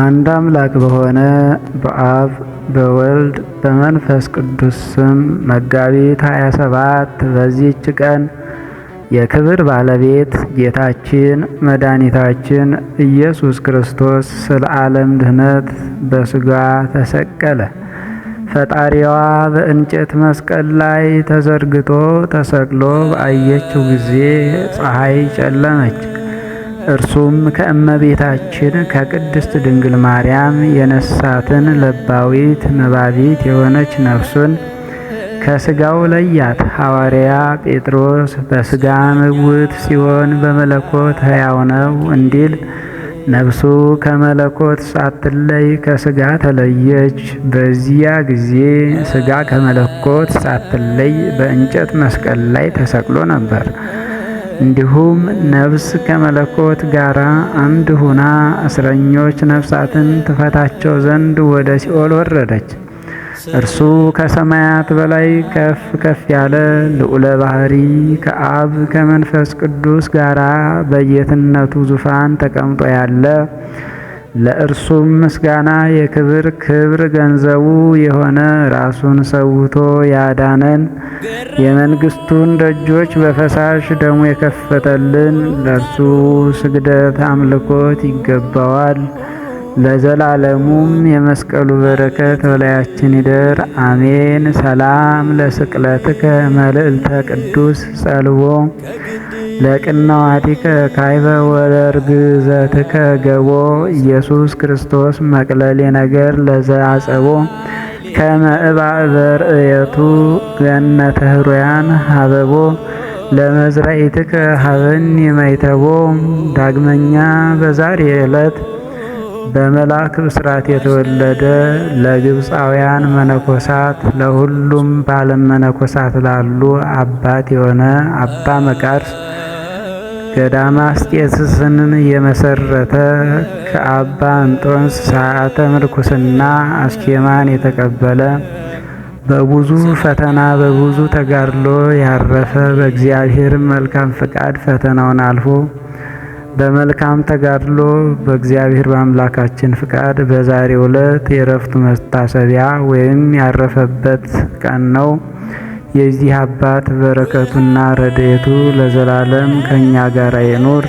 አንድ አምላክ በሆነ በአብ በወልድ በመንፈስ ቅዱስ ስም መጋቢት 27 በዚህች ቀን የክብር ባለቤት ጌታችን መድኃኒታችን ኢየሱስ ክርስቶስ ስለ ዓለም ድህነት በስጋ ተሰቀለ። ፈጣሪዋ በእንጨት መስቀል ላይ ተዘርግቶ ተሰቅሎ ባየችው ጊዜ ፀሐይ ጨለመች። እርሱም ከእመቤታችን ከቅድስት ድንግል ማርያም የነሳትን ለባዊት መባቢት የሆነች ነፍሱን ከስጋው ለያት። ሐዋርያ ጴጥሮስ በስጋ ምውት ሲሆን በመለኮት ሕያው ነው እንዲል ነፍሱ ከመለኮት ሳትለይ ከስጋ ተለየች። በዚያ ጊዜ ስጋ ከመለኮት ሳትለይ በእንጨት መስቀል ላይ ተሰቅሎ ነበር። እንዲሁም ነፍስ ከመለኮት ጋር አንድ ሁና እስረኞች ነፍሳትን ትፈታቸው ዘንድ ወደ ሲኦል ወረደች። እርሱ ከሰማያት በላይ ከፍ ከፍ ያለ ልዑለ ባህሪ ከአብ ከመንፈስ ቅዱስ ጋር በየትነቱ ዙፋን ተቀምጦ ያለ ለእርሱም ምስጋና የክብር ክብር ገንዘቡ የሆነ ራሱን ሰውቶ ያዳነን የመንግስቱን ደጆች በፈሳሽ ደሙ የከፈተልን ለእርሱ ስግደት አምልኮት ይገባዋል። ለዘላለሙም የመስቀሉ በረከት በላያችን ይደር፣ አሜን። ሰላም ለስቅለትከ መልእልተ ቅዱስ ጸልቦ ለቅናዋቲከ ካይበ ወለርግዘትከ ገቦ ኢየሱስ ክርስቶስ መቅለሌ ነገር ለዘአጸቦ ከመ እባእ እየቱ ገነተ ህሩያን ሀበቦ ለመዝራኢትከ ሀበኒ መይተቦ። ዳግመኛ በዛሬ ዕለት በመልአክ ብስራት የተወለደ ለግብፃውያን መነኮሳት ለሁሉም ባለም መነኮሳት ላሉ አባት የሆነ አባ መቃርስ ገዳማ አስቄጥስን የመሰረተ ከአባ እንጦንስ ሰዓተ ምርኩስና አስኬማን የተቀበለ በብዙ ፈተና በብዙ ተጋድሎ ያረፈ በእግዚአብሔር መልካም ፈቃድ ፈተናውን አልፎ በመልካም ተጋድሎ በእግዚአብሔር በአምላካችን ፍቃድ በዛሬው ዕለት የረፍቱ መታሰቢያ ወይም ያረፈበት ቀን ነው። የዚህ አባት በረከቱና ረድኤቱ ለዘላለም ከእኛ ጋር ይኑር።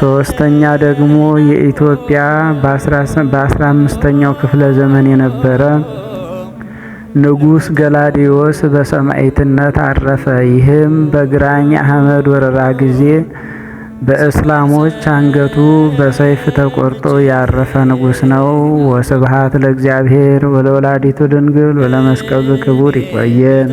ሶስተኛ ደግሞ የኢትዮጵያ በአስራ አምስተኛው ክፍለ ዘመን የነበረ ንጉስ ገላዲዮስ በሰማዕትነት አረፈ። ይህም በግራኝ አህመድ ወረራ ጊዜ በእስላሞች አንገቱ በሰይፍ ተቆርጦ ያረፈ ንጉሥ ነው። ወስብሐት ለእግዚአብሔር ወለወላዲቱ ድንግል ወለመስቀሉ ክቡር። ይቆየን።